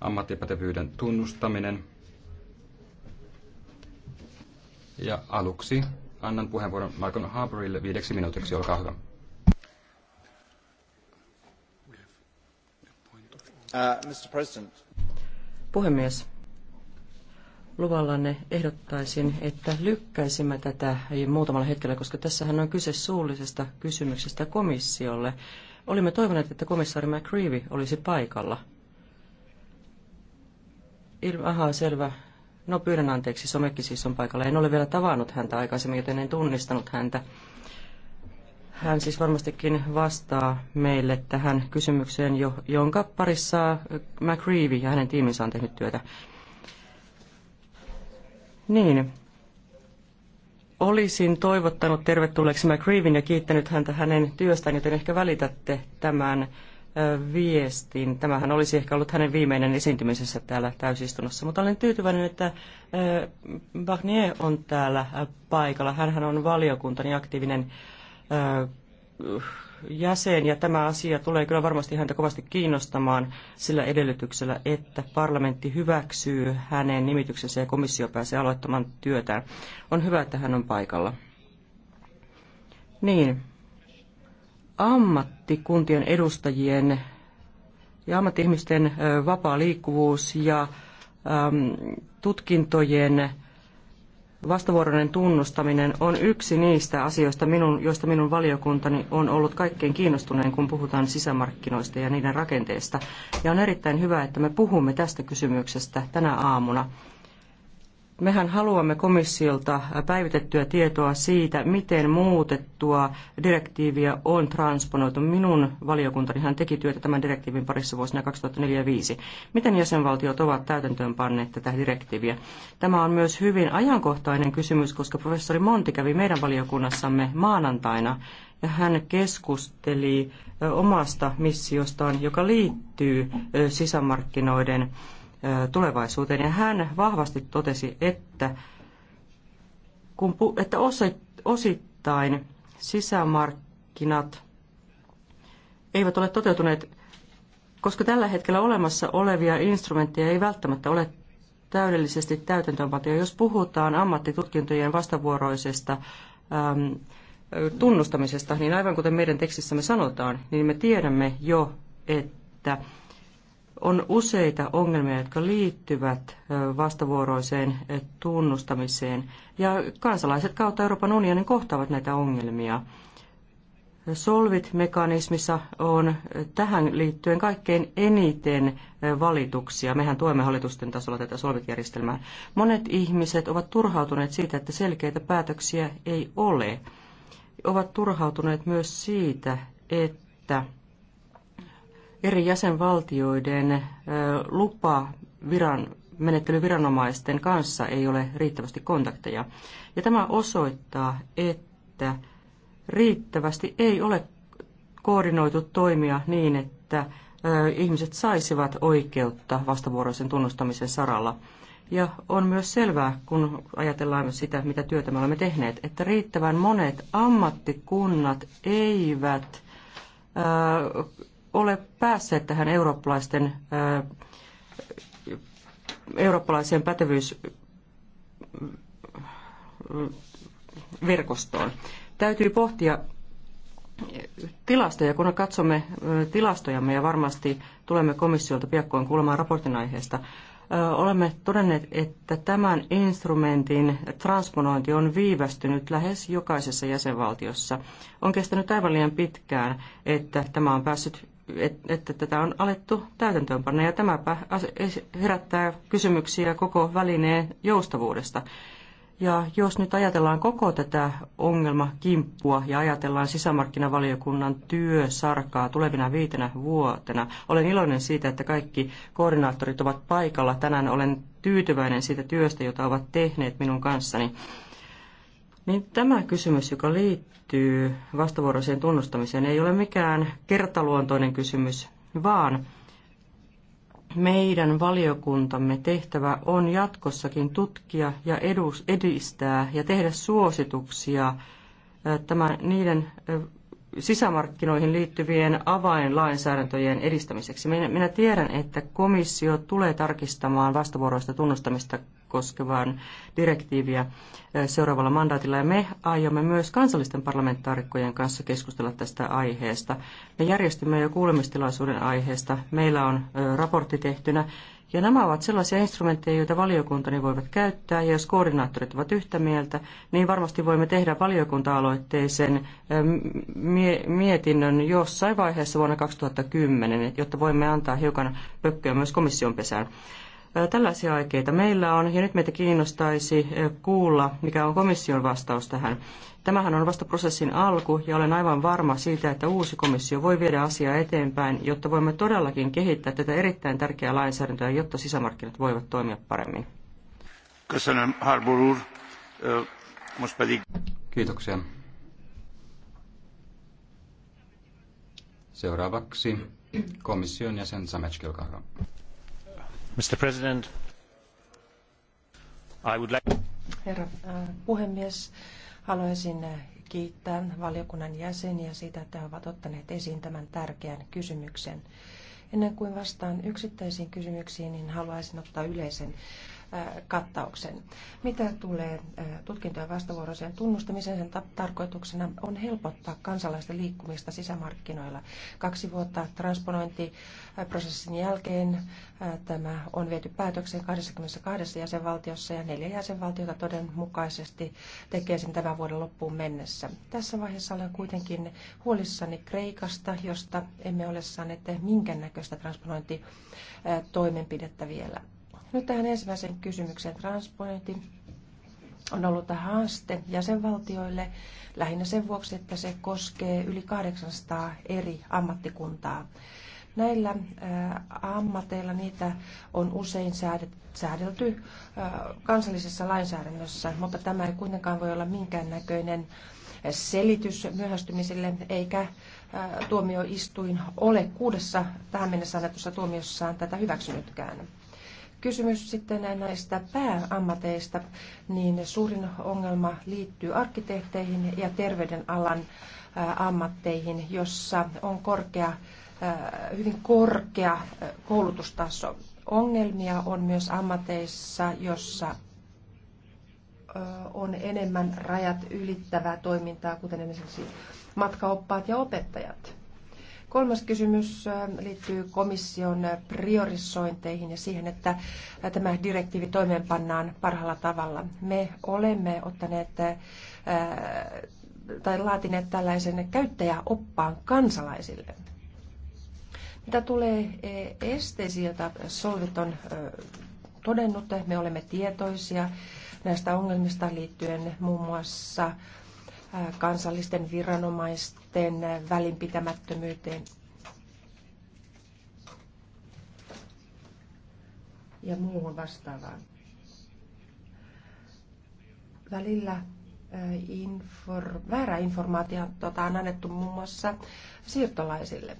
ammattipätevyyden tunnustaminen. Ja aluksi annan puheenvuoron Malcolm Harbourille viideksi minuutiksi, olkaa hyvä. Uh, Puhemies, luvallanne ehdottaisin, että lykkäisimme tätä muutamalla hetkellä, koska tässähän on kyse suullisesta kysymyksestä komissiolle. Olimme toivoneet, että komissaari McCreevy olisi paikalla. Il, ahaa, selvä. No pyydän anteeksi, Somekki siis on paikalla. En ole vielä tavannut häntä aikaisemmin, joten en tunnistanut häntä. Hän siis varmastikin vastaa meille tähän kysymykseen, jo, jonka parissa McReevy ja hänen tiiminsä on tehnyt työtä. Niin. Olisin toivottanut tervetulleeksi McReevin ja kiittänyt häntä hänen työstään, joten ehkä välitätte tämän viestin. Tämähän olisi ehkä ollut hänen viimeinen esiintymisessä täällä täysistunnossa, mutta olen tyytyväinen, että Barnier on täällä paikalla. Hänhän on valiokuntani aktiivinen jäsen ja tämä asia tulee kyllä varmasti häntä kovasti kiinnostamaan sillä edellytyksellä, että parlamentti hyväksyy hänen nimityksensä ja komissio pääsee aloittamaan työtään. On hyvä, että hän on paikalla. Niin, ammattikuntien edustajien ja ammattihmisten vapaa liikkuvuus ja tutkintojen vastavuoroinen tunnustaminen on yksi niistä asioista, minun, joista minun valiokuntani on ollut kaikkein kiinnostuneen, kun puhutaan sisämarkkinoista ja niiden rakenteesta. Ja on erittäin hyvä, että me puhumme tästä kysymyksestä tänä aamuna. Mehän haluamme komissiolta päivitettyä tietoa siitä, miten muutettua direktiiviä on transponoitu. Minun valiokuntanihan teki työtä tämän direktiivin parissa vuosina 2004-2005. Miten jäsenvaltiot ovat täytäntöönpanneet tätä direktiiviä? Tämä on myös hyvin ajankohtainen kysymys, koska professori Monti kävi meidän valiokunnassamme maanantaina ja hän keskusteli omasta missiostaan, joka liittyy sisämarkkinoiden tulevaisuuteen. Ja hän vahvasti totesi, että, kun, että osittain sisämarkkinat eivät ole toteutuneet, koska tällä hetkellä olemassa olevia instrumentteja ei välttämättä ole täydellisesti täytäntöönpantoja. Jos puhutaan ammattitutkintojen vastavuoroisesta äm, tunnustamisesta, niin aivan kuten meidän tekstissämme sanotaan, niin me tiedämme jo, että on useita ongelmia, jotka liittyvät vastavuoroiseen tunnustamiseen, ja kansalaiset kautta Euroopan unionin kohtaavat näitä ongelmia. Solvit-mekanismissa on tähän liittyen kaikkein eniten valituksia. Mehän tuemme hallitusten tasolla tätä Solvit-järjestelmää. Monet ihmiset ovat turhautuneet siitä, että selkeitä päätöksiä ei ole. Ovat turhautuneet myös siitä, että eri jäsenvaltioiden lupa viran, menettelyviranomaisten kanssa ei ole riittävästi kontakteja. Ja tämä osoittaa, että riittävästi ei ole koordinoitu toimia niin, että ihmiset saisivat oikeutta vastavuoroisen tunnustamisen saralla. Ja on myös selvää, kun ajatellaan sitä, mitä työtä me olemme tehneet, että riittävän monet ammattikunnat eivät ole päässeet tähän eurooppalaisten, ää, eurooppalaiseen pätevyysverkostoon. Täytyy pohtia tilastoja, kun katsomme tilastojamme ja varmasti tulemme komissiolta piakkoin kuulemaan raportin aiheesta, olemme todenneet, että tämän instrumentin transponointi on viivästynyt lähes jokaisessa jäsenvaltiossa. On kestänyt aivan liian pitkään, että tämä on päässyt että tätä on alettu täytäntöönpanna ja tämäpä herättää kysymyksiä koko välineen joustavuudesta. Ja jos nyt ajatellaan koko tätä ongelmakimppua ja ajatellaan sisämarkkinavaliokunnan työsarkaa tulevina viitenä vuotena, olen iloinen siitä, että kaikki koordinaattorit ovat paikalla. Tänään olen tyytyväinen siitä työstä, jota ovat tehneet minun kanssani niin tämä kysymys, joka liittyy vastavuoroiseen tunnustamiseen, ei ole mikään kertaluontoinen kysymys, vaan meidän valiokuntamme tehtävä on jatkossakin tutkia ja edistää ja tehdä suosituksia äh, tämän, niiden äh, sisämarkkinoihin liittyvien avainlainsäädäntöjen edistämiseksi. Minä, minä tiedän, että komissio tulee tarkistamaan vastavuoroista tunnustamista koskevaan direktiiviä seuraavalla mandaatilla. Ja me aiomme myös kansallisten parlamentaarikkojen kanssa keskustella tästä aiheesta. Me järjestimme jo kuulemistilaisuuden aiheesta. Meillä on raportti tehtynä. Ja nämä ovat sellaisia instrumentteja, joita valiokuntani voivat käyttää, ja jos koordinaattorit ovat yhtä mieltä, niin varmasti voimme tehdä valiokunta-aloitteisen mietinnön jossain vaiheessa vuonna 2010, jotta voimme antaa hiukan pökköä myös komission pesään. Tällaisia aikeita meillä on, ja nyt meitä kiinnostaisi kuulla, mikä on komission vastaus tähän. Tämähän on vasta prosessin alku, ja olen aivan varma siitä, että uusi komissio voi viedä asiaa eteenpäin, jotta voimme todellakin kehittää tätä erittäin tärkeää lainsäädäntöä, jotta sisämarkkinat voivat toimia paremmin. Kiitoksia. Seuraavaksi komission jäsen Sametski, olkaa hyvä. Mr. President, I would like... Herra äh, puhemies, haluaisin äh, kiittää valiokunnan jäseniä siitä, että he ovat ottaneet esiin tämän tärkeän kysymyksen. Ennen kuin vastaan yksittäisiin kysymyksiin, niin haluaisin ottaa yleisen kattauksen. Mitä tulee tutkintojen vastavuoroiseen tunnustamiseen, sen tarkoituksena on helpottaa kansalaisten liikkumista sisämarkkinoilla. Kaksi vuotta transponointiprosessin jälkeen tämä on viety päätökseen 22 jäsenvaltiossa ja neljä jäsenvaltiota todenmukaisesti tekee sen tämän vuoden loppuun mennessä. Tässä vaiheessa olen kuitenkin huolissani Kreikasta, josta emme ole saaneet minkäännäköistä transponointitoimenpidettä vielä. Nyt tähän ensimmäiseen kysymykseen. Transponointi on ollut haaste jäsenvaltioille lähinnä sen vuoksi, että se koskee yli 800 eri ammattikuntaa. Näillä ammateilla niitä on usein säädelty kansallisessa lainsäädännössä, mutta tämä ei kuitenkaan voi olla minkäännäköinen selitys myöhästymiselle, eikä tuomioistuin ole kuudessa tähän mennessä annetussa tuomiossaan tätä hyväksynytkään. Kysymys sitten näistä pääammateista, niin suurin ongelma liittyy arkkitehteihin ja terveydenalan ammatteihin, jossa on korkea, hyvin korkea koulutustaso. Ongelmia on myös ammateissa, jossa on enemmän rajat ylittävää toimintaa, kuten esimerkiksi matkaoppaat ja opettajat. Kolmas kysymys äh, liittyy komission äh, priorisointeihin ja siihen, että äh, tämä direktiivi toimeenpannaan parhaalla tavalla. Me olemme ottaneet tai laatineet tällaisen käyttäjäoppaan kansalaisille. Mitä tulee esteisiin, joita Solvit on todennut, me olemme tietoisia näistä ongelmista liittyen muun muassa kansallisten viranomaisten välinpitämättömyyteen. ja muuhun vastaavaan. Välillä infor, väärä informaatio on annettu muun muassa siirtolaisille.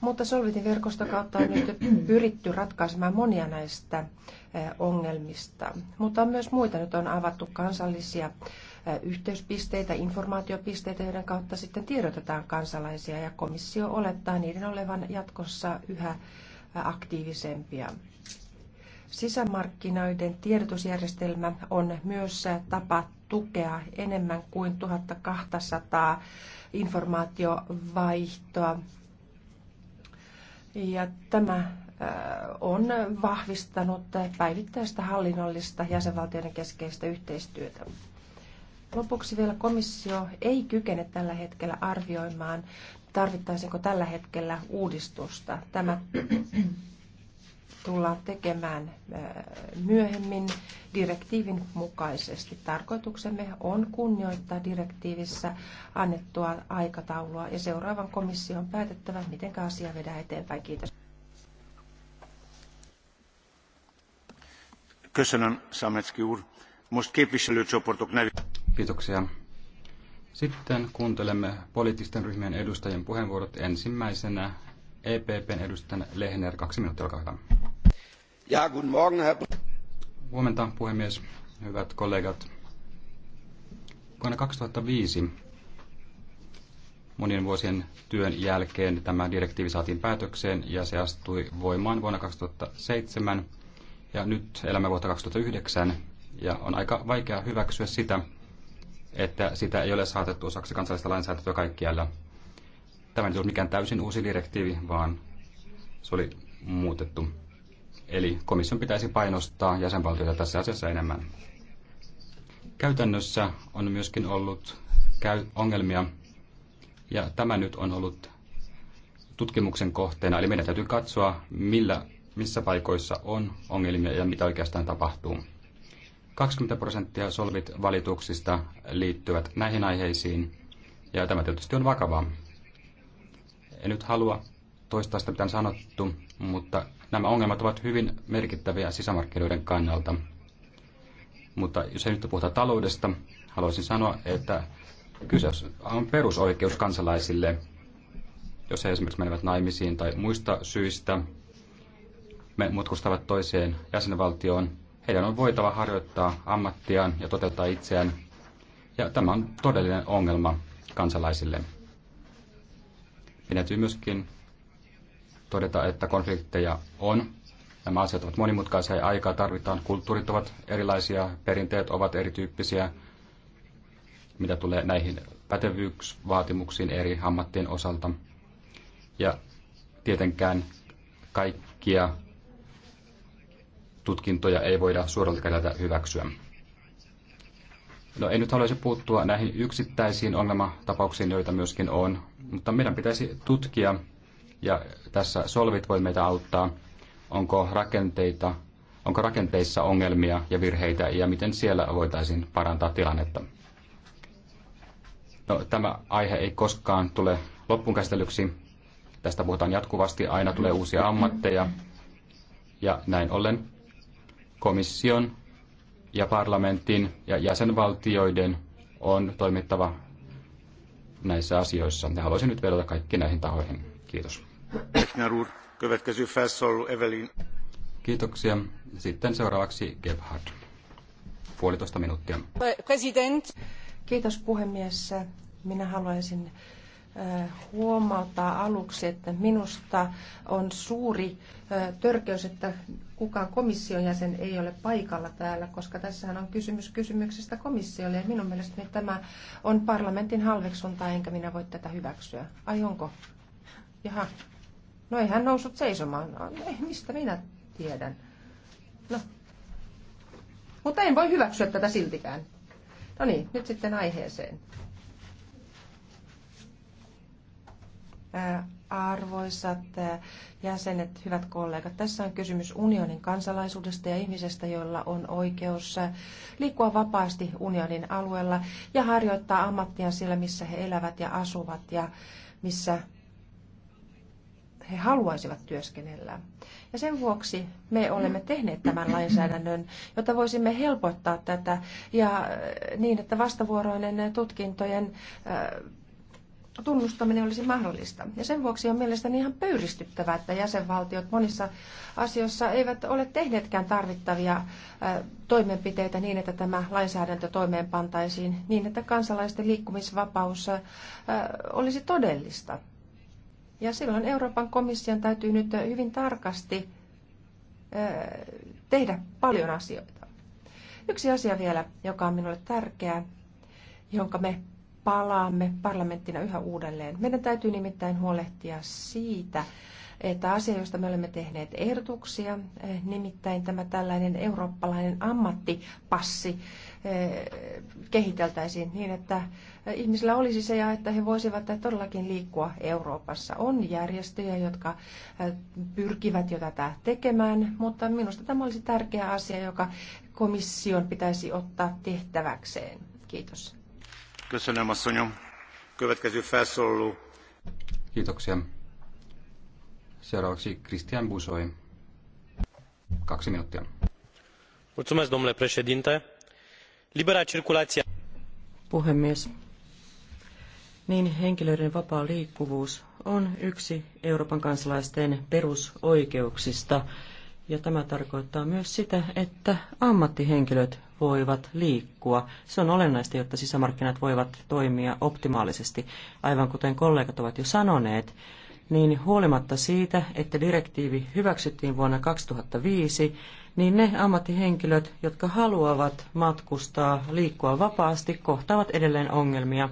Mutta Solvitin verkosto kautta on nyt pyritty ratkaisemaan monia näistä ongelmista. Mutta on myös muita. Nyt on avattu kansallisia yhteyspisteitä, informaatiopisteitä, joiden kautta sitten tiedotetaan kansalaisia ja komissio olettaa niiden olevan jatkossa yhä aktiivisempia. Sisämarkkinoiden tiedotusjärjestelmä on myös tapa tukea enemmän kuin 1200 informaatiovaihtoa ja tämä on vahvistanut päivittäistä hallinnollista jäsenvaltioiden keskeistä yhteistyötä. Lopuksi vielä komissio ei kykene tällä hetkellä arvioimaan, tarvittaisiko tällä hetkellä uudistusta. Tämä tullaan tekemään myöhemmin direktiivin mukaisesti. Tarkoituksemme on kunnioittaa direktiivissä annettua aikataulua ja seuraavan komission päätettävä, miten asia vedään eteenpäin. Kiitos. Kiitoksia. Sitten kuuntelemme poliittisten ryhmien edustajien puheenvuorot ensimmäisenä EPPn edustajan Lehner. Kaksi minuuttia, olkaa hyvä. Ja, Huomenta, puhemies. Hyvät kollegat. Vuonna 2005 monien vuosien työn jälkeen tämä direktiivi saatiin päätökseen ja se astui voimaan vuonna 2007 ja nyt elämme vuotta 2009 ja on aika vaikea hyväksyä sitä, että sitä ei ole saatettu osaksi kansallista lainsäädäntöä kaikkialla. Tämä ei ollut mikään täysin uusi direktiivi, vaan se oli muutettu. Eli komission pitäisi painostaa jäsenvaltioita tässä asiassa enemmän. Käytännössä on myöskin ollut ongelmia, ja tämä nyt on ollut tutkimuksen kohteena. Eli meidän täytyy katsoa, millä, missä paikoissa on ongelmia ja mitä oikeastaan tapahtuu. 20 prosenttia Solvit-valituksista liittyvät näihin aiheisiin, ja tämä tietysti on vakavaa. En nyt halua toistaa sitä, mitä on sanottu, mutta Nämä ongelmat ovat hyvin merkittäviä sisämarkkinoiden kannalta. Mutta jos ei nyt puhuta taloudesta, haluaisin sanoa, että kyse on perusoikeus kansalaisille, jos he esimerkiksi menevät naimisiin tai muista syistä, me mutkustavat toiseen jäsenvaltioon. Heidän on voitava harjoittaa ammattiaan ja toteuttaa itseään. Ja tämä on todellinen ongelma kansalaisille. Minä myöskin todeta, että konflikteja on. Nämä asiat ovat monimutkaisia ja aikaa tarvitaan. Kulttuurit ovat erilaisia, perinteet ovat erityyppisiä, mitä tulee näihin pätevyysvaatimuksiin eri ammattien osalta. Ja tietenkään kaikkia tutkintoja ei voida suoralta kädeltä hyväksyä. No en nyt haluaisi puuttua näihin yksittäisiin ongelmatapauksiin, joita myöskin on, mutta meidän pitäisi tutkia ja tässä solvit voi meitä auttaa. Onko rakenteita, onko rakenteissa ongelmia ja virheitä ja miten siellä voitaisiin parantaa tilannetta. No, tämä aihe ei koskaan tule loppukäsitellyksi. Tästä puhutaan jatkuvasti, aina tulee uusia ammatteja. Ja näin ollen komission ja parlamentin ja jäsenvaltioiden on toimittava näissä asioissa. Ja haluaisin nyt vedota kaikki näihin tahoihin. Kiitos. Kiitoksia. Sitten seuraavaksi Gebhard. Puolitoista minuuttia. President. Kiitos puhemies. Minä haluaisin äh, huomauttaa aluksi, että minusta on suuri äh, törkeys, että kukaan komission jäsen ei ole paikalla täällä, koska tässähän on kysymys kysymyksestä komissiolle ja minun mielestäni tämä on parlamentin halveksuntaa, enkä minä voi tätä hyväksyä. Ai onko? Jaha, No ei hän noussut seisomaan. No, ei, mistä minä tiedän? No. Mutta en voi hyväksyä tätä siltikään. No niin, nyt sitten aiheeseen. Ää, arvoisat ää, jäsenet, hyvät kollegat, tässä on kysymys unionin kansalaisuudesta ja ihmisestä, joilla on oikeus liikkua vapaasti unionin alueella ja harjoittaa ammattia siellä, missä he elävät ja asuvat ja missä he haluaisivat työskennellä. Ja sen vuoksi me olemme tehneet tämän lainsäädännön, jotta voisimme helpottaa tätä ja äh, niin, että vastavuoroinen tutkintojen äh, tunnustaminen olisi mahdollista. Ja sen vuoksi on mielestäni ihan pöyristyttävää, että jäsenvaltiot monissa asioissa eivät ole tehneetkään tarvittavia äh, toimenpiteitä niin, että tämä lainsäädäntö toimeenpantaisiin niin, että kansalaisten liikkumisvapaus olisi todellista. Ja silloin Euroopan komission täytyy nyt hyvin tarkasti tehdä paljon asioita. Yksi asia vielä, joka on minulle tärkeä, jonka me palaamme parlamenttina yhä uudelleen. Meidän täytyy nimittäin huolehtia siitä, että asia, josta me olemme tehneet ehdotuksia, nimittäin tämä tällainen eurooppalainen ammattipassi, Eh, kehiteltäisiin niin, että ihmisillä olisi se ja että he voisivat todellakin liikkua Euroopassa. On järjestöjä, jotka eh, pyrkivät jo tätä tekemään, mutta minusta tämä olisi tärkeä asia, joka komission pitäisi ottaa tehtäväkseen. Kiitos. Kiitoksia. Seuraavaksi Christian Busoi. Kaksi minuuttia. Mulțumesc, domnule președinte Libera circulaatio. Puhemies. Niin henkilöiden vapaa liikkuvuus on yksi Euroopan kansalaisten perusoikeuksista. Ja tämä tarkoittaa myös sitä, että ammattihenkilöt voivat liikkua. Se on olennaista, jotta sisämarkkinat voivat toimia optimaalisesti. Aivan kuten kollegat ovat jo sanoneet, niin huolimatta siitä, että direktiivi hyväksyttiin vuonna 2005, niin ne ammattihenkilöt, jotka haluavat matkustaa, liikkua vapaasti, kohtaavat edelleen ongelmia.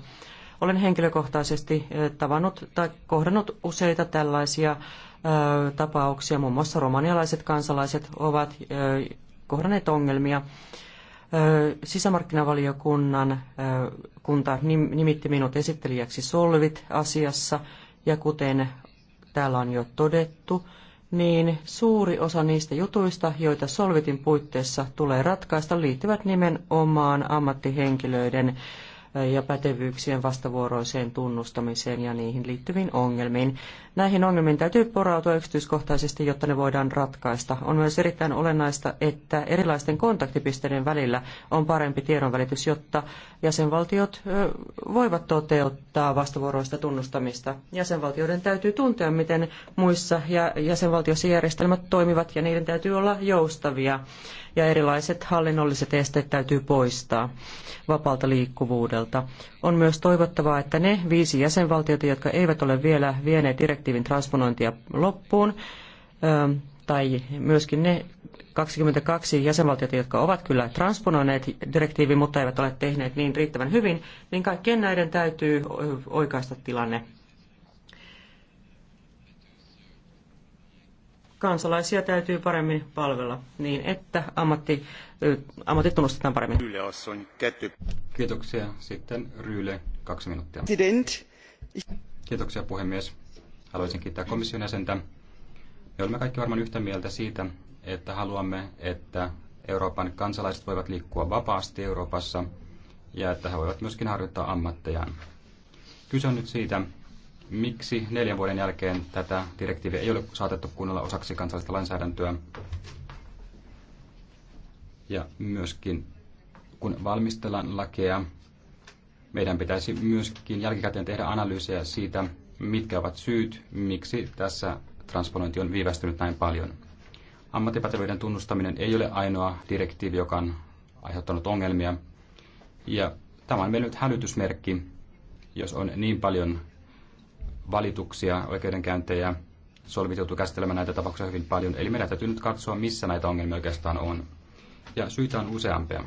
Olen henkilökohtaisesti tavannut tai kohdannut useita tällaisia tapauksia. Muun muassa romanialaiset kansalaiset ovat kohdanneet ongelmia. Sisämarkkinavaliokunnan kunta nimitti minut esittelijäksi Solvit-asiassa, ja kuten täällä on jo todettu, niin suuri osa niistä jutuista, joita Solvitin puitteissa tulee ratkaista, liittyvät nimenomaan ammattihenkilöiden ja pätevyyksien vastavuoroiseen tunnustamiseen ja niihin liittyviin ongelmiin. Näihin ongelmiin täytyy porautua yksityiskohtaisesti, jotta ne voidaan ratkaista. On myös erittäin olennaista, että erilaisten kontaktipisteiden välillä on parempi tiedonvälitys, jotta jäsenvaltiot voivat toteuttaa vastavuoroista tunnustamista. Jäsenvaltioiden täytyy tuntea, miten muissa ja jäsenvaltioissa järjestelmät toimivat ja niiden täytyy olla joustavia ja erilaiset hallinnolliset esteet täytyy poistaa vapaalta liikkuvuudelta. On myös toivottavaa, että ne viisi jäsenvaltiota, jotka eivät ole vielä vieneet direktiivin transponointia loppuun, ähm, tai myöskin ne 22 jäsenvaltiota, jotka ovat kyllä transponoineet direktiivin, mutta eivät ole tehneet niin riittävän hyvin, niin kaikkien näiden täytyy oikaista tilanne. kansalaisia täytyy paremmin palvella niin, että ammatti, ammatit tunnustetaan paremmin. Kiitoksia. Sitten Ryyle, kaksi minuuttia. Kiitoksia puhemies. Haluaisin kiittää komission jäsentä. Me olemme kaikki varmaan yhtä mieltä siitä, että haluamme, että Euroopan kansalaiset voivat liikkua vapaasti Euroopassa ja että he voivat myöskin harjoittaa ammattejaan. Kyse on nyt siitä, miksi neljän vuoden jälkeen tätä direktiiviä ei ole saatettu kunnolla osaksi kansallista lainsäädäntöä. Ja myöskin kun valmistellaan lakeja, meidän pitäisi myöskin jälkikäteen tehdä analyysiä siitä, mitkä ovat syyt, miksi tässä transponointi on viivästynyt näin paljon. Ammattipätevyyden tunnustaminen ei ole ainoa direktiivi, joka on aiheuttanut ongelmia. Ja tämä on meillä nyt hälytysmerkki, jos on niin paljon valituksia, oikeudenkäyntejä. Solvit joutuu käsittelemään näitä tapauksia hyvin paljon, eli meidän täytyy nyt katsoa, missä näitä ongelmia oikeastaan on. Ja syitä on useampia.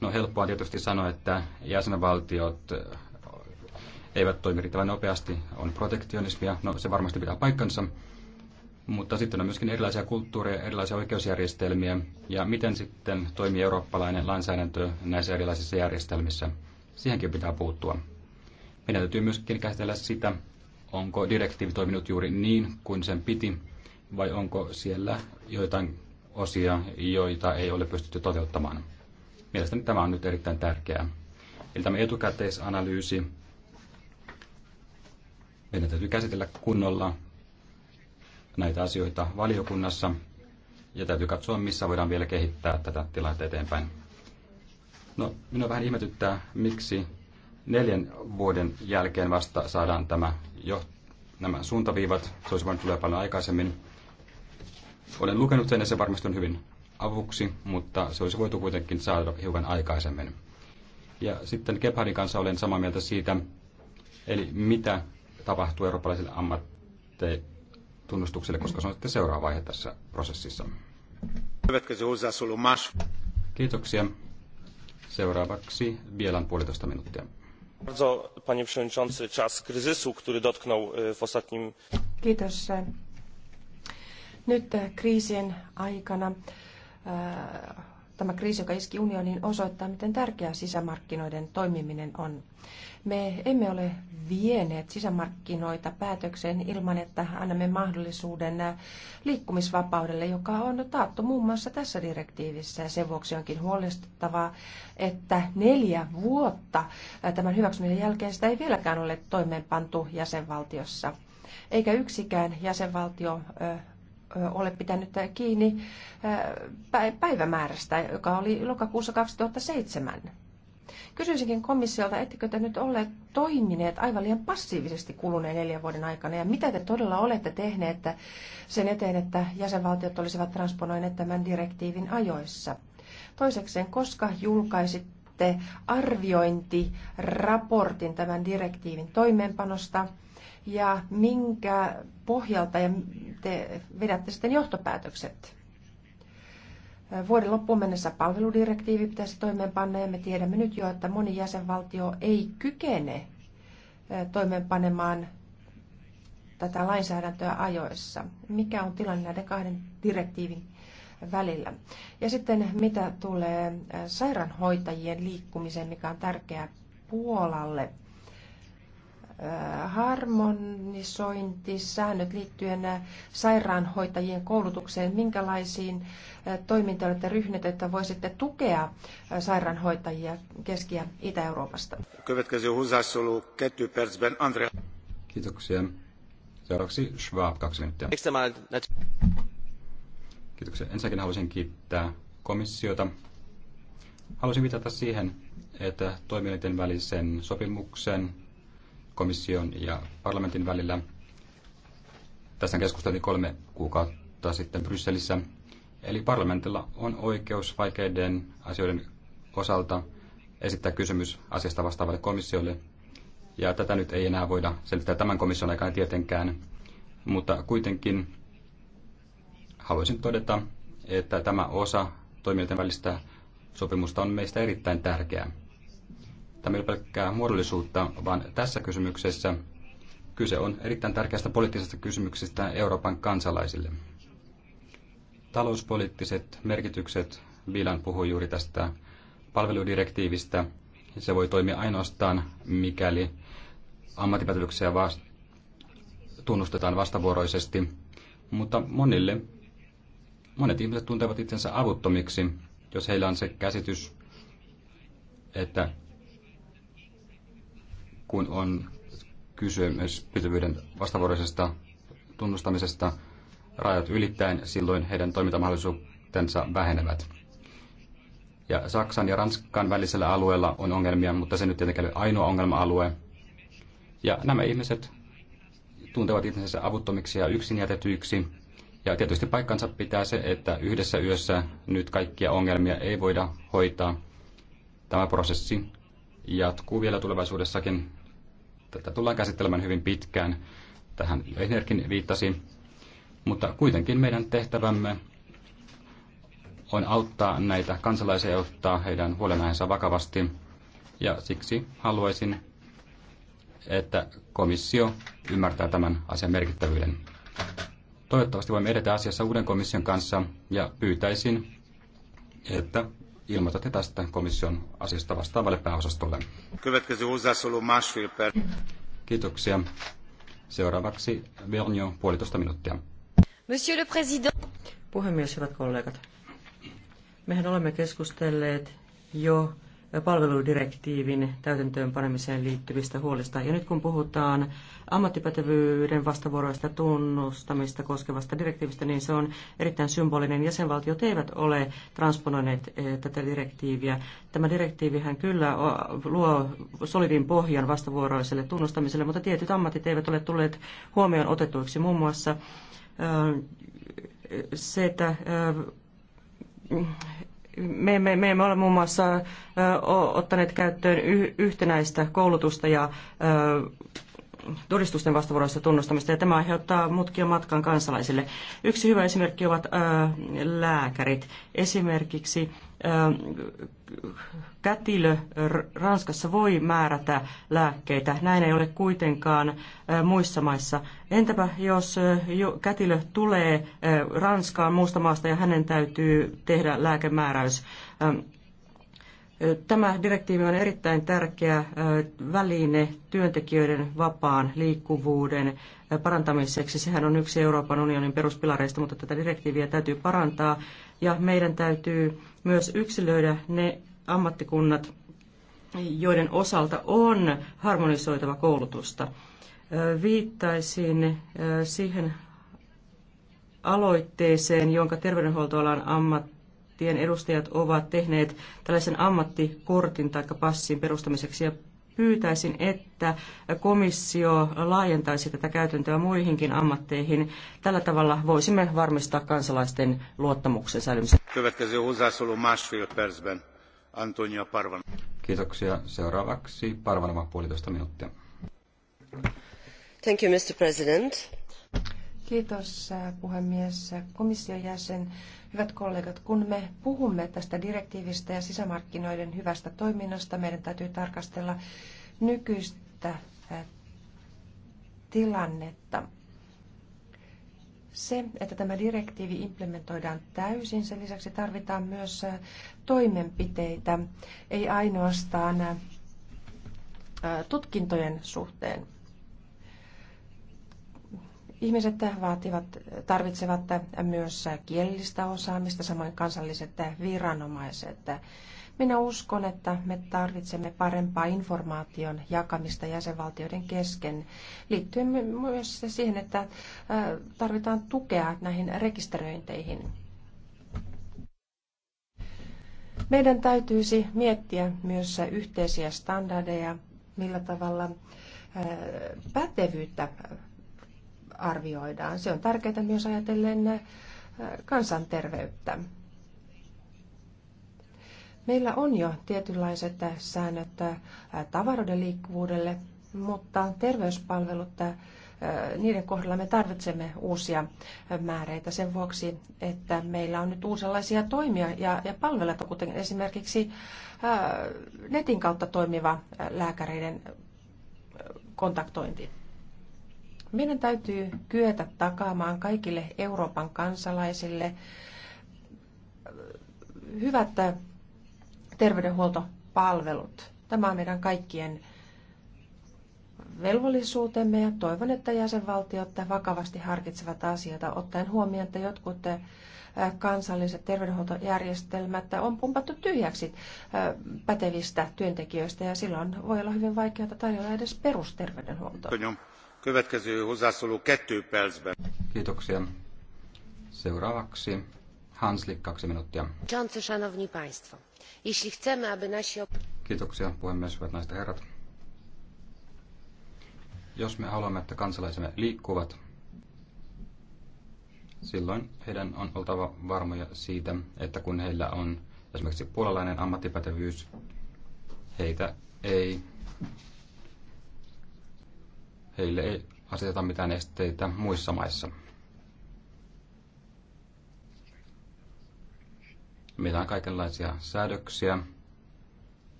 No helppoa tietysti sanoa, että jäsenvaltiot eh, eivät toimi riittävän nopeasti, on protektionismia, no se varmasti pitää paikkansa, mutta sitten on myöskin erilaisia kulttuureja, erilaisia oikeusjärjestelmiä ja miten sitten toimii eurooppalainen lainsäädäntö näissä erilaisissa järjestelmissä. Siihenkin pitää puuttua. Meidän täytyy myöskin käsitellä sitä, onko direktiivi toiminut juuri niin kuin sen piti, vai onko siellä joitain osia, joita ei ole pystytty toteuttamaan. Mielestäni tämä on nyt erittäin tärkeää. Eli tämä etukäteisanalyysi, meidän täytyy käsitellä kunnolla näitä asioita valiokunnassa ja täytyy katsoa, missä voidaan vielä kehittää tätä tilannetta eteenpäin. No, minua vähän ihmetyttää, miksi neljän vuoden jälkeen vasta saadaan tämä jo, nämä suuntaviivat, se olisi voinut tulla paljon aikaisemmin. Olen lukenut sen ja se varmasti on hyvin avuksi, mutta se olisi voitu kuitenkin saada hiukan aikaisemmin. Ja sitten Gebhardin kanssa olen samaa mieltä siitä, eli mitä tapahtuu eurooppalaisille ammattitunnustuksille, koska se on sitten seuraava vaihe tässä prosessissa. Kiitoksia. Seuraavaksi vielä puolitoista minuuttia panie przewodniczący! czas kryzysu który dotknął w ostatnim. nyt eh, aikana eh, tämä kriisi joka iski unioniin osoittaa miten tärkeää sisämarkkinoiden toimiminen on. Me emme ole vieneet sisämarkkinoita päätökseen ilman, että annamme mahdollisuuden liikkumisvapaudelle, joka on taattu muun muassa tässä direktiivissä. Ja sen vuoksi onkin huolestuttavaa, että neljä vuotta tämän hyväksymisen jälkeen sitä ei vieläkään ole toimeenpantu jäsenvaltiossa. Eikä yksikään jäsenvaltio ole pitänyt kiinni päivämäärästä, joka oli lokakuussa 2007. Kysyisinkin komissiolta, ettekö te nyt olleet toimineet aivan liian passiivisesti kuluneen neljän vuoden aikana, ja mitä te todella olette tehneet sen eteen, että jäsenvaltiot olisivat transponoineet tämän direktiivin ajoissa? Toisekseen, koska julkaisitte arviointiraportin tämän direktiivin toimeenpanosta, ja minkä pohjalta te vedätte sitten johtopäätökset? Vuoden loppuun mennessä palveludirektiivi pitäisi toimeenpanna ja me tiedämme nyt jo, että moni jäsenvaltio ei kykene toimeenpanemaan tätä lainsäädäntöä ajoissa. Mikä on tilanne näiden kahden direktiivin välillä? Ja sitten mitä tulee sairaanhoitajien liikkumiseen, mikä on tärkeää Puolalle – harmonisointisäännöt liittyen sairaanhoitajien koulutukseen. Minkälaisiin toimintoihin olette ryhdyneet, että voisitte tukea sairaanhoitajia Keski- ja Itä-Euroopasta? Kiitoksia. Seuraavaksi Schwab, kaksi minuuttia. Kiitoksia. Ensinnäkin haluaisin kiittää komissiota. Haluaisin viitata siihen, että toimielinten välisen sopimuksen komission ja parlamentin välillä. tässä keskusteltiin kolme kuukautta sitten Brysselissä. Eli parlamentilla on oikeus vaikeiden asioiden osalta esittää kysymys asiasta vastaavalle komissiolle. Ja tätä nyt ei enää voida selittää tämän komission aikana tietenkään. Mutta kuitenkin haluaisin todeta, että tämä osa toimijoiden välistä sopimusta on meistä erittäin tärkeää. Tämä ei pelkkää muodollisuutta, vaan tässä kysymyksessä kyse on erittäin tärkeästä poliittisesta kysymyksestä Euroopan kansalaisille. Talouspoliittiset merkitykset, Viilan puhui juuri tästä palveludirektiivistä, se voi toimia ainoastaan, mikäli ammattipätevyyksiä vast- tunnustetaan vastavuoroisesti, mutta monille, monet ihmiset tuntevat itsensä avuttomiksi, jos heillä on se käsitys, että kun on kysymys pysyvyyden vastavuoroisesta tunnustamisesta rajat ylittäen, silloin heidän toimintamahdollisuutensa vähenevät. Ja Saksan ja Ranskan välisellä alueella on ongelmia, mutta se nyt tietenkin ole ainoa ongelma-alue. Ja nämä ihmiset tuntevat itsensä avuttomiksi ja yksin jätetyiksi. Ja tietysti paikkansa pitää se, että yhdessä yössä nyt kaikkia ongelmia ei voida hoitaa. Tämä prosessi jatkuu vielä tulevaisuudessakin Tätä tullaan käsittelemään hyvin pitkään. Tähän Lehnerkin viittasi. Mutta kuitenkin meidän tehtävämme on auttaa näitä kansalaisia ja ottaa heidän huolenaiheensa vakavasti. Ja siksi haluaisin, että komissio ymmärtää tämän asian merkittävyyden. Toivottavasti voimme edetä asiassa uuden komission kanssa ja pyytäisin, että ilmoitatte tästä komission asiasta vastaavalle pääosastolle. Kiitoksia. Seuraavaksi Vernio, puolitoista minuuttia. Monsieur le Président. Puhemies, hyvät kollegat. Mehän olemme keskustelleet jo palveludirektiivin täytäntöönpanemiseen liittyvistä huolista. Ja nyt kun puhutaan ammattipätevyyden vastavuoroista tunnustamista koskevasta direktiivistä, niin se on erittäin symbolinen. Jäsenvaltiot eivät ole transponoineet eh, tätä direktiiviä. Tämä direktiivihän kyllä luo solidin pohjan vastavuoroiselle tunnustamiselle, mutta tietyt ammatit eivät ole tulleet huomioon otetuiksi. Muun muassa se, että me, emme, me emme ole muun muassa ottaneet käyttöön yhtenäistä koulutusta ja todistusten vastavuoroista tunnustamista, ja tämä aiheuttaa mutkia matkan kansalaisille. Yksi hyvä esimerkki ovat lääkärit. Esimerkiksi kätilö Ranskassa voi määrätä lääkkeitä. Näin ei ole kuitenkaan muissa maissa. Entäpä jos kätilö tulee Ranskaan muusta maasta ja hänen täytyy tehdä lääkemääräys? Tämä direktiivi on erittäin tärkeä väline työntekijöiden vapaan liikkuvuuden parantamiseksi. Sehän on yksi Euroopan unionin peruspilareista, mutta tätä direktiiviä täytyy parantaa ja meidän täytyy myös yksilöidä ne ammattikunnat, joiden osalta on harmonisoitava koulutusta. Viittaisin siihen aloitteeseen, jonka terveydenhuoltoalan ammat ammattien edustajat ovat tehneet tällaisen ammattikortin tai passin perustamiseksi ja pyytäisin, että komissio laajentaisi tätä käytäntöä muihinkin ammatteihin. Tällä tavalla voisimme varmistaa kansalaisten luottamuksen säilymisen. Kiitoksia. Seuraavaksi Parvanova puolitoista minuuttia. Thank you, Mr. President. Kiitos äh, puhemies, komission jäsen. Hyvät kollegat, kun me puhumme tästä direktiivistä ja sisämarkkinoiden hyvästä toiminnasta, meidän täytyy tarkastella nykyistä äh, tilannetta. Se, että tämä direktiivi implementoidaan täysin, sen lisäksi tarvitaan myös äh, toimenpiteitä, ei ainoastaan tutkintojen suhteen. Ihmiset vaativat, tarvitsevat myös kielellistä osaamista, samoin kansalliset viranomaiset. Minä uskon, että me tarvitsemme parempaa informaation jakamista jäsenvaltioiden kesken, liittyen myös siihen, että tarvitaan tukea näihin rekisteröinteihin. Meidän täytyisi miettiä myös yhteisiä standardeja, millä tavalla pätevyyttä arvioidaan. Se on tärkeää myös ajatellen äh, kansanterveyttä. Meillä on jo tietynlaiset säännöt äh, tavaroiden liikkuvuudelle, mutta terveyspalvelut, äh, niiden kohdalla me tarvitsemme uusia määreitä sen vuoksi, että meillä on nyt uusenlaisia toimia ja, ja palveluita, kuten esimerkiksi netin kautta toimiva lääkäreiden kontaktointi. Meidän täytyy kyetä takaamaan kaikille Euroopan kansalaisille äh, hyvät äh, terveydenhuoltopalvelut. Tämä on meidän kaikkien velvollisuutemme ja toivon, että jäsenvaltiot vakavasti harkitsevat asioita ottaen huomioon, että jotkut äh, kansalliset terveydenhuoltojärjestelmät on pumpattu tyhjäksi pätevistä työntekijöistä ja silloin voi olla hyvin vaikeaa tarjolla edes perusterveydenhuoltoa. Seuraavaksi Hanslik Jos me haluamme, että kansalaisemme liikkuvat, silloin heidän on oltava varmoja siitä, että kun heillä on esimerkiksi puolalainen ammattipätevyys, heitä ei heille ei aseteta mitään esteitä muissa maissa. Meillä on kaikenlaisia säädöksiä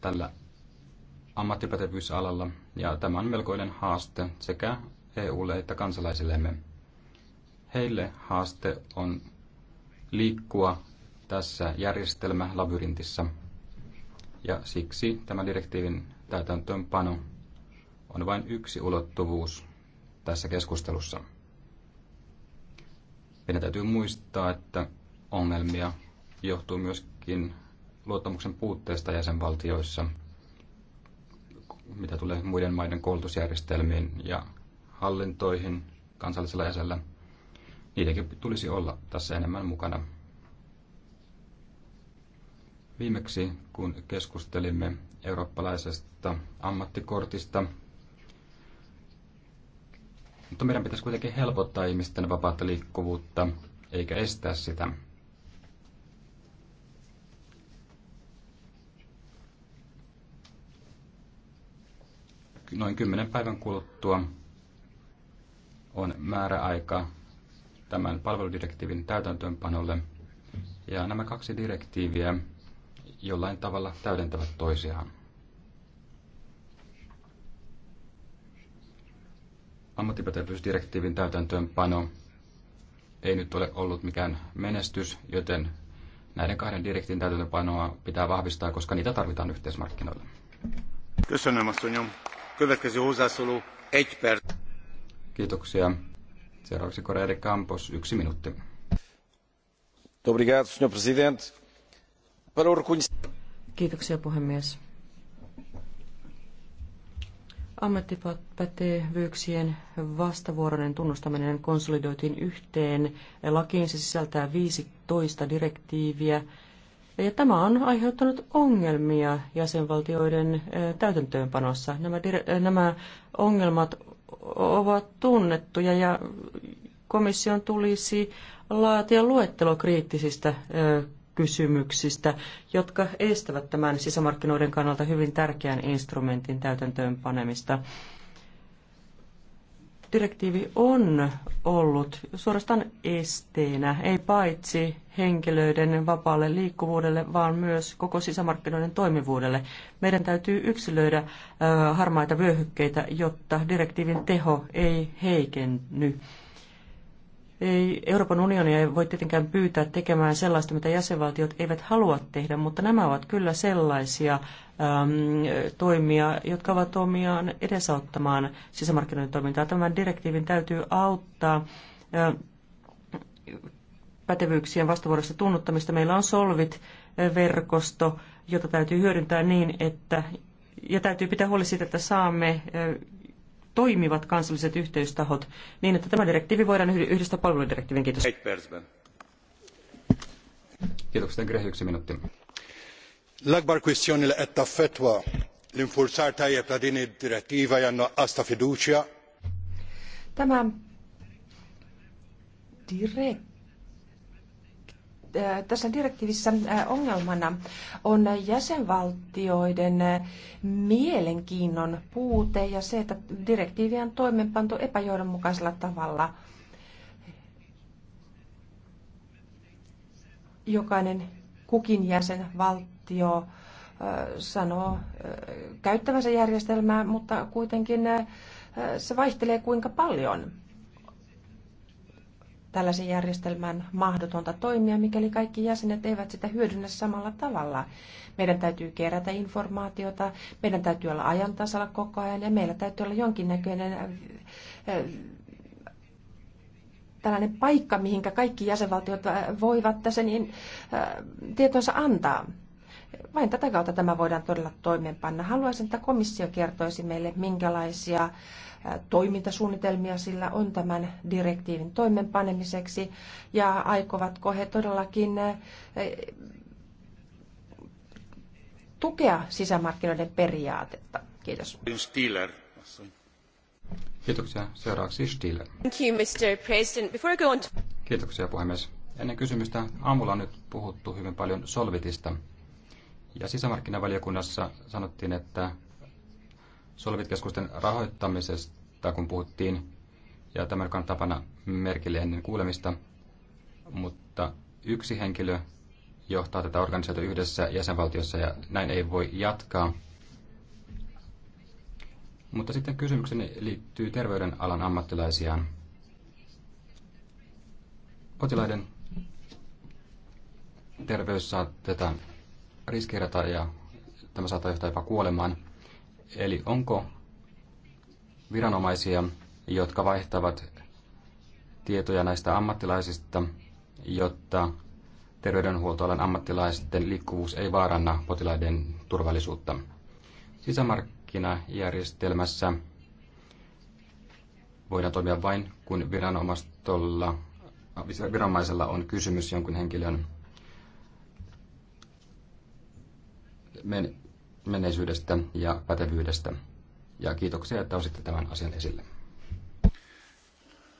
tällä ammattipätevyysalalla, ja tämä on melkoinen haaste sekä EUlle että kansalaisillemme. Heille haaste on liikkua tässä järjestelmälabyrintissä, ja siksi tämä direktiivin täytäntöönpano on vain yksi ulottuvuus tässä keskustelussa. Meidän täytyy muistaa, että ongelmia johtuu myöskin luottamuksen puutteesta jäsenvaltioissa, mitä tulee muiden maiden koulutusjärjestelmiin ja hallintoihin kansallisella jäsellä. Niitäkin tulisi olla tässä enemmän mukana. Viimeksi, kun keskustelimme eurooppalaisesta ammattikortista, mutta meidän pitäisi kuitenkin helpottaa ihmisten vapaata liikkuvuutta, eikä estää sitä. Noin kymmenen päivän kuluttua on määräaika tämän palveludirektiivin täytäntöönpanolle. Ja nämä kaksi direktiiviä jollain tavalla täydentävät toisiaan. ammattipätevyysdirektiivin täytäntöönpano ei nyt ole ollut mikään menestys, joten näiden kahden direktiivin täytäntöönpanoa pitää vahvistaa, koska niitä tarvitaan yhteismarkkinoilla. Kiitoksia. Seuraavaksi Koreeri Campos, yksi minuutti. Kiitoksia puhemies. Ammattipätevyyksien vastavuoroinen tunnustaminen konsolidoitiin yhteen. Lakiin se sisältää 15 direktiiviä. Ja tämä on aiheuttanut ongelmia jäsenvaltioiden eh, täytäntöönpanossa. Nämä, eh, nämä ongelmat ovat tunnettuja ja komission tulisi laatia luettelo kriittisistä eh, kysymyksistä, jotka estävät tämän sisämarkkinoiden kannalta hyvin tärkeän instrumentin täytäntöönpanemista. Direktiivi on ollut suorastaan esteenä, ei paitsi henkilöiden vapaalle liikkuvuudelle, vaan myös koko sisämarkkinoiden toimivuudelle. Meidän täytyy yksilöidä harmaita vyöhykkeitä, jotta direktiivin teho ei heikenny. Ei, Euroopan unionia ei voi tietenkään pyytää tekemään sellaista, mitä jäsenvaltiot eivät halua tehdä, mutta nämä ovat kyllä sellaisia äm, toimia, jotka ovat omiaan edesauttamaan sisämarkkinoiden toimintaa. Tämän direktiivin täytyy auttaa ä, pätevyyksien vastavuoroista tunnuttamista. Meillä on Solvit-verkosto, jota täytyy hyödyntää niin, että ja täytyy pitää huoli siitä, että saamme toimivat kansalliset yhteystahot niin, että tämä direktiivi voidaan yhdistää palveludirektiivin. Kiitos. Kiitoksia. Greh, yksi minuutti. L-akbar kwistjoni li qed taffettwa l-infurzar tajjeb ta' din id-direttiva janna asta fiduċja. Tämä direktiivi Äh, tässä direktiivissä äh, ongelmana on jäsenvaltioiden äh, mielenkiinnon puute ja se, että direktiiviä on toimeenpantu epäjohdonmukaisella tavalla. Jokainen kukin jäsenvaltio sanoo käyttävänsä järjestelmää, mutta kuitenkin se vaihtelee kuinka paljon tällaisen järjestelmän mahdotonta toimia, mikäli kaikki jäsenet eivät sitä hyödynnä samalla tavalla. Meidän täytyy kerätä informaatiota, meidän täytyy olla ajan tasalla koko ajan ja meillä täytyy olla jonkinnäköinen äh, äh tällainen paikka, mihinkä kaikki jäsenvaltiot äh, voivat sen niin, äh, tietonsa antaa. Vain tätä kautta tämä voidaan todella toimeenpanna. Haluaisin, että komissio kertoisi meille, minkälaisia toimintasuunnitelmia sillä on tämän direktiivin toimeenpanemiseksi ja aikovatko he todellakin tukea sisämarkkinoiden periaatetta. Kiitos. Stiller. Kiitoksia. Seuraavaksi Stiller. Thank you, Mr. President. Before I go on to... Kiitoksia puhemies. Ennen kysymystä aamulla on nyt puhuttu hyvin paljon solvitista. Ja sisämarkkinavaliokunnassa sanottiin, että solvitkeskusten rahoittamisesta, kun puhuttiin, ja tämä on tapana merkille ennen kuulemista, mutta yksi henkilö johtaa tätä organisaatiota yhdessä jäsenvaltiossa ja näin ei voi jatkaa. Mutta sitten kysymykseni liittyy terveydenalan ammattilaisiaan. Potilaiden terveys saatetaan riskeerata ja tämä saattaa johtaa jopa kuolemaan. Eli onko viranomaisia, jotka vaihtavat tietoja näistä ammattilaisista, jotta terveydenhuoltoalan ammattilaisten liikkuvuus ei vaaranna potilaiden turvallisuutta. Sisämarkkinajärjestelmässä voidaan toimia vain, kun viranomaisella on kysymys jonkun henkilön men- menneisyydestä ja pätevyydestä. Ja kiitoksia, että otitte tämän asian esille.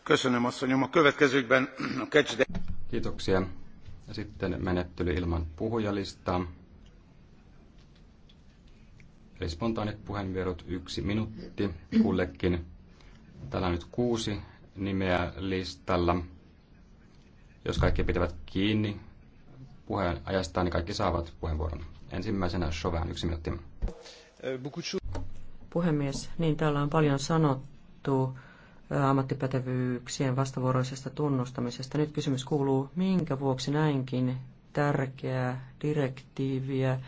Köszönöm, asszonyom. A következőkben a Kiitoksia. Ja sitten menettely ilman puhujalistaa. Eli spontaanit puheenvuorot yksi minuutti kullekin. Täällä on nyt kuusi nimeä listalla. Jos kaikki pitävät kiinni puheen ajastaan, niin kaikki saavat puheenvuoron. Ensimmäisenä Chauvin, yksi minuutti. Puhemies, niin täällä on paljon sanottu ammattipätevyyksien vastavuoroisesta tunnustamisesta. Nyt kysymys kuuluu, minkä vuoksi näinkin tärkeää direktiiviä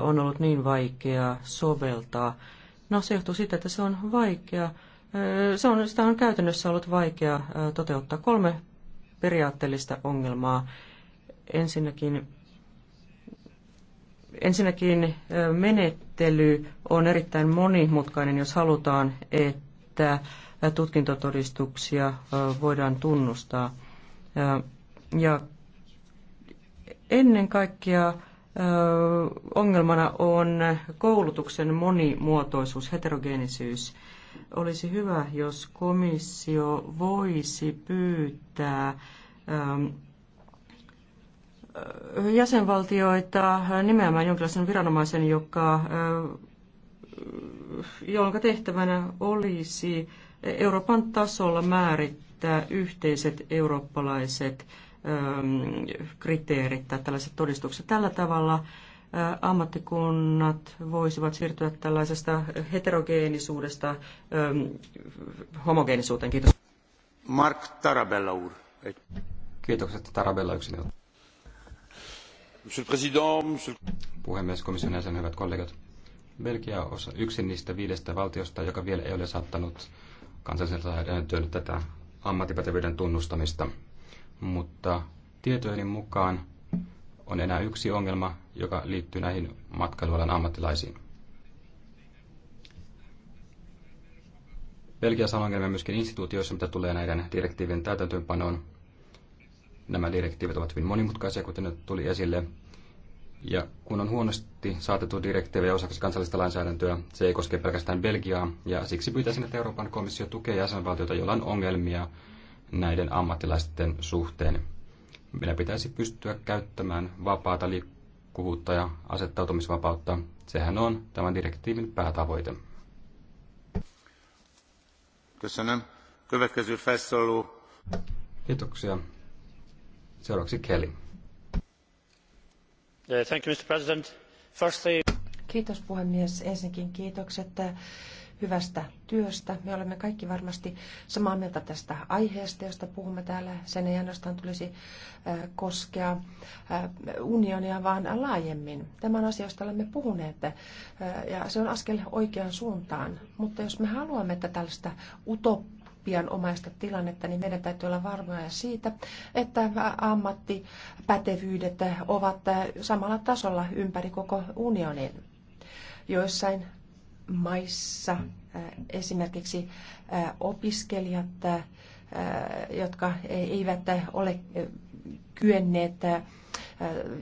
on ollut niin vaikea soveltaa. No se johtuu siitä, että se on vaikea. Se on, sitä on käytännössä ollut vaikea toteuttaa. Kolme periaatteellista ongelmaa. Ensinnäkin Ensinnäkin menettely on erittäin monimutkainen, jos halutaan, että tutkintotodistuksia voidaan tunnustaa. Ja ennen kaikkea ongelmana on koulutuksen monimuotoisuus, heterogeenisyys. Olisi hyvä, jos komissio voisi pyytää jäsenvaltioita nimeämään jonkinlaisen viranomaisen, joka, jonka tehtävänä olisi Euroopan tasolla määrittää yhteiset eurooppalaiset kriteerit tai tällaiset todistukset. Tällä tavalla ammattikunnat voisivat siirtyä tällaisesta heterogeenisuudesta homogeenisuuteen. Kiitos. Mark Tarabella, Kiitokset Tarabella yksin. Puhemies, komission jäsen, hyvät kollegat. Belgia on yksi niistä viidestä valtiosta, joka vielä ei ole saattanut kansallisella lainsäädäntöön tätä ammattipätevyyden tunnustamista. Mutta tietojeni mukaan on enää yksi ongelma, joka liittyy näihin matkailualan ammattilaisiin. Belgiassa on ongelmia myöskin instituutioissa, mitä tulee näiden direktiivien täytäntöönpanoon, Nämä direktiivit ovat hyvin monimutkaisia, kuten nyt tuli esille. Ja kun on huonosti saatettu direktiivejä osaksi kansallista lainsäädäntöä, se ei koske pelkästään Belgiaa, ja siksi pyytäisin, että Euroopan komissio tukee jäsenvaltioita, joilla on ongelmia näiden ammattilaisten suhteen. Meidän pitäisi pystyä käyttämään vapaata liikkuvuutta ja asettautumisvapautta. Sehän on tämän direktiivin päätavoite. Kiitoksia. Seuraavaksi Kelly. Thank you, Mr. President. Firstly... Kiitos puhemies. Ensinnäkin kiitokset äh, hyvästä työstä. Me olemme kaikki varmasti samaa mieltä tästä aiheesta, josta puhumme täällä. Sen ei ainoastaan tulisi äh, koskea äh, unionia, vaan laajemmin. Tämän on josta olemme puhuneet, ja se on askel oikeaan suuntaan. Mutta jos me haluamme, että tällaista utoppia, omaista tilannetta, niin meidän täytyy olla varmoja siitä, että ammattipätevyydet ovat samalla tasolla ympäri koko unionin. Joissain maissa äh, esimerkiksi äh, opiskelijat, äh, jotka eivät ole kyenneet äh,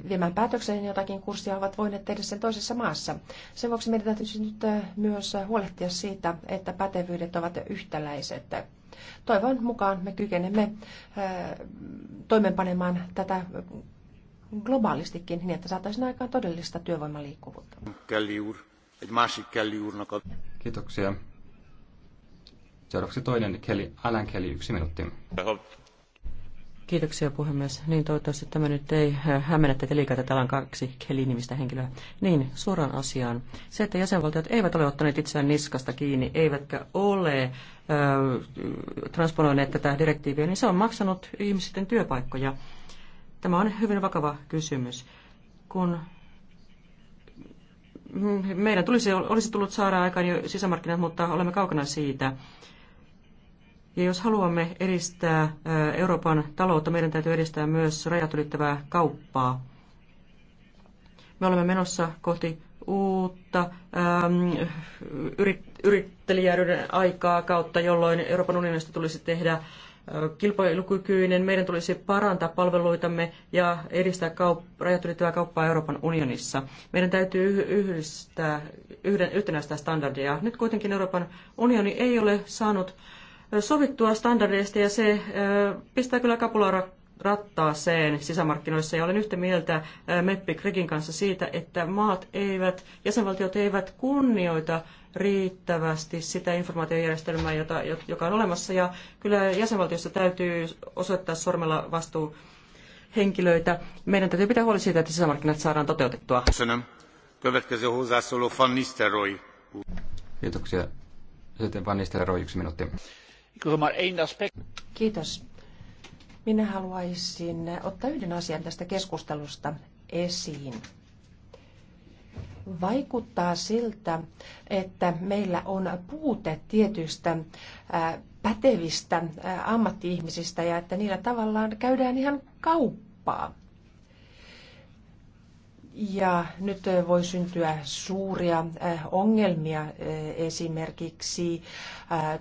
viemään päätökseen jotakin kurssia, ovat voineet tehdä sen toisessa maassa. Sen vuoksi meidän täytyisi nyt äh, myös huolehtia siitä, että pätevyydet ovat yhtäläiset. Toivon mukaan me kykenemme äh, toimenpanemaan tätä globaalistikin niin, että saataisiin aikaan todellista työvoimaliikkuvuutta. Kiitoksia. Seuraavaksi toinen Kelly, Alan Kelly, yksi minuutti. Kiitoksia puhemies. Niin toivottavasti tämä nyt ei äh, hämmennä teitä liikaa, että täällä on kaksi kelinimistä nimistä henkilöä. Niin, suoraan asiaan. Se, että jäsenvaltiot eivät ole ottaneet itseään niskasta kiinni, eivätkä ole ö, äh, transponoineet tätä direktiiviä, niin se on maksanut ihmisten työpaikkoja. Tämä on hyvin vakava kysymys. Kun meidän tulisi, olisi tullut saada aikaan jo sisämarkkinat, mutta olemme kaukana siitä. Ja jos haluamme edistää Euroopan taloutta, meidän täytyy edistää myös rajat ylittävää kauppaa. Me olemme menossa kohti uutta ähm, yrit, yrittelijäisyyden aikaa kautta, jolloin Euroopan unionista tulisi tehdä kilpailukykyinen, meidän tulisi parantaa palveluitamme ja edistää kaup- rajat ylittävää kauppaa Euroopan unionissa. Meidän täytyy yhdistää, yhden, yhtenäistä standardeja. Nyt kuitenkin Euroopan unioni ei ole saanut äh, sovittua standardeista ja se pistää kyllä kapulaa rattaaseen sisämarkkinoissa ja olen yhtä mieltä Meppi Krikin kanssa siitä, että maat eivät, jäsenvaltiot eivät kunnioita riittävästi sitä informaatiojärjestelmää, jota, joka on olemassa ja kyllä jäsenvaltiossa täytyy osoittaa sormella vastuu henkilöitä. Meidän täytyy pitää huoli siitä, että sisämarkkinat saadaan toteutettua. Kiitoksia. Sitten Van Nistelrooy yksi minuutti. Kiitos. Minä haluaisin ottaa yhden asian tästä keskustelusta esiin. Vaikuttaa siltä, että meillä on puute tietyistä pätevistä ammatti-ihmisistä ja että niillä tavallaan käydään ihan kauppaa. Ja nyt eh, voi syntyä suuria eh, ongelmia eh, esimerkiksi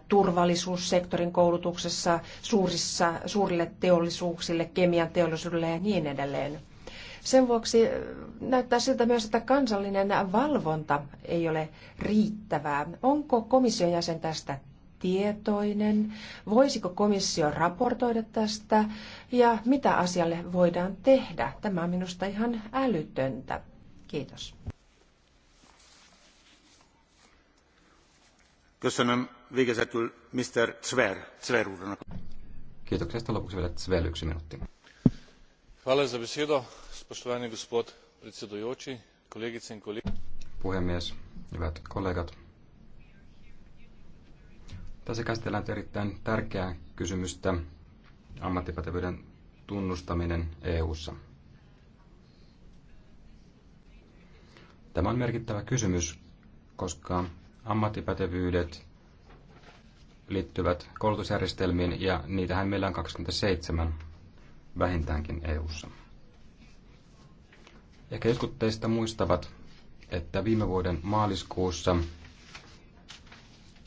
turvallisuussektorin koulutuksessa suurissa, suurille teollisuuksille, kemian teollisuudelle ja niin edelleen. Sen vuoksi näyttää siltä myös, että kansallinen valvonta ei ole riittävää. Onko komission jäsen tästä tietoinen? Voisiko komissio raportoida tästä ja mitä asialle voidaan tehdä? Tämä on minusta ihan älytöntä. Kiitos. Köszönöm végezetül Mr. Zver, Zver úrnak. Kiitoksia. Sitten lopuksi vielä Zver yksi minuutti. Hvala za besedo, spoštovani gospod predsedujoči, kolegice in kolegi. Puhemies, hyvät kollegat, tässä käsitellään erittäin tärkeää kysymystä ammattipätevyyden tunnustaminen EU:ssa. Tämä on merkittävä kysymys, koska ammattipätevyydet liittyvät koulutusjärjestelmiin ja niitähän meillä on 27 vähintäänkin EU:ssa. Ehkä jotkut teistä muistavat, että viime vuoden maaliskuussa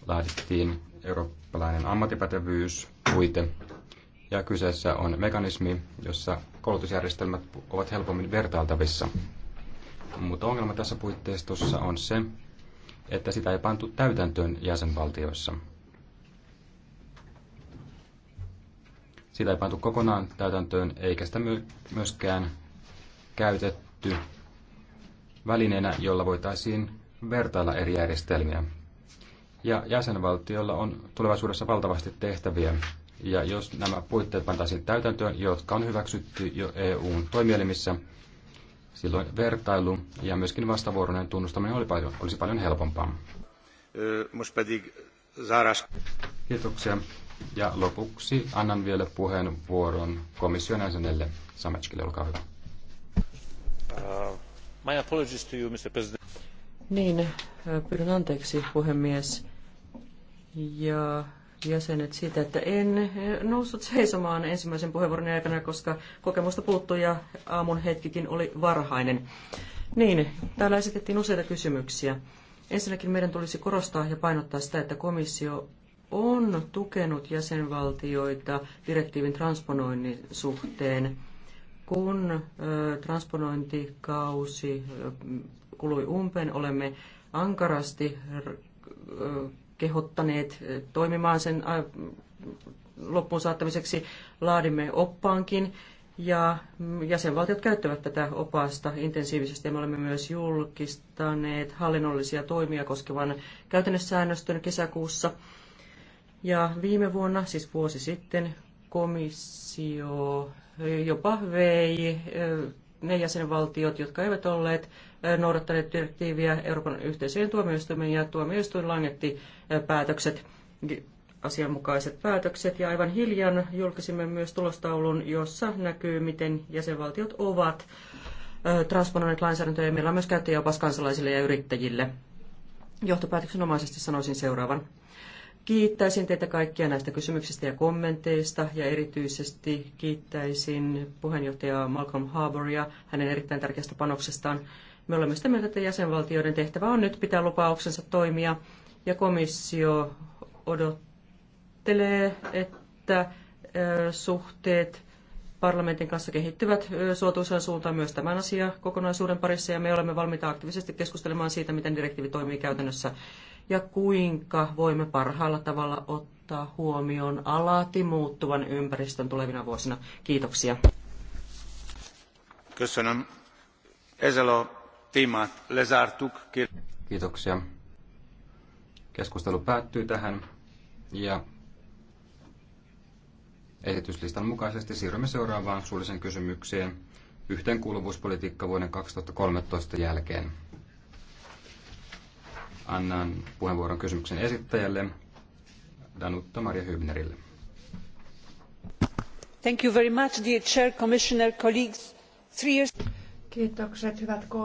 laadittiin eurooppalainen puite Ja kyseessä on mekanismi, jossa koulutusjärjestelmät ovat helpommin vertailtavissa. Mutta ongelma tässä puitteistossa on se, että sitä ei pantu täytäntöön jäsenvaltioissa. Sitä ei pantu kokonaan täytäntöön, eikä sitä myöskään käytetty välineenä, jolla voitaisiin vertailla eri järjestelmiä. Ja jäsenvaltiolla on tulevaisuudessa valtavasti tehtäviä. Ja jos nämä puitteet pantaisiin täytäntöön, jotka on hyväksytty jo EUn toimielimissä, silloin vertailu ja myöskin vastavuoroinen tunnustaminen oli paljon, olisi paljon helpompaa. Kiitoksia. Ja lopuksi annan vielä puheenvuoron komission jäsenelle Sametskille, olkaa hyvä. Uh, my apologies to you, Mr. President. Niin, pyydän anteeksi puhemies ja jäsenet siitä, että en noussut seisomaan ensimmäisen puheenvuoron aikana, koska kokemusta puuttui ja aamun hetkikin oli varhainen. Niin, täällä esitettiin useita kysymyksiä. Ensinnäkin meidän tulisi korostaa ja painottaa sitä, että komissio on tukenut jäsenvaltioita direktiivin transponoinnin suhteen, kun transponointikausi kului umpeen. Olemme ankarasti kehottaneet toimimaan sen loppuun saattamiseksi. Laadimme oppaankin ja jäsenvaltiot käyttävät tätä opasta intensiivisesti ja me olemme myös julkistaneet hallinnollisia toimia koskevan käytännössäännöstön kesäkuussa. Ja viime vuonna, siis vuosi sitten, komissio jopa vei ne jäsenvaltiot, jotka eivät olleet noudattaneet direktiiviä Euroopan yhteisöjen tuomioistuimeen ja tuomioistuin langetti päätökset, asianmukaiset päätökset ja aivan hiljan julkisimme myös tulostaulun, jossa näkyy, miten jäsenvaltiot ovat transponoineet lainsäädäntöä ja meillä on myös käyttäjäopas kansalaisille ja yrittäjille. Johtopäätöksenomaisesti sanoisin seuraavan. Kiittäisin teitä kaikkia näistä kysymyksistä ja kommenteista ja erityisesti kiittäisin puheenjohtaja Malcolm Harbouria hänen erittäin tärkeästä panoksestaan. Me olemme sitä mieltä, että jäsenvaltioiden tehtävä on nyt pitää lupauksensa toimia ja komissio odottelee, että suhteet parlamentin kanssa kehittyvät suotuisaan suuntaan myös tämän asian kokonaisuuden parissa ja me olemme valmiita aktiivisesti keskustelemaan siitä, miten direktiivi toimii käytännössä ja kuinka voimme parhaalla tavalla ottaa huomioon alati muuttuvan ympäristön tulevina vuosina. Kiitoksia. Kiitoksia. Keskustelu päättyy tähän ja esityslistan mukaisesti siirrymme seuraavaan suullisen kysymykseen yhteenkuuluvuuspolitiikka vuoden 2013 jälkeen annan puheenvuoron kysymyksen esittäjälle Danutta Maria Hübnerille. Thank you very much, dear chair, commissioner, colleagues. Three years... Kiitokset, hyvät kollegat.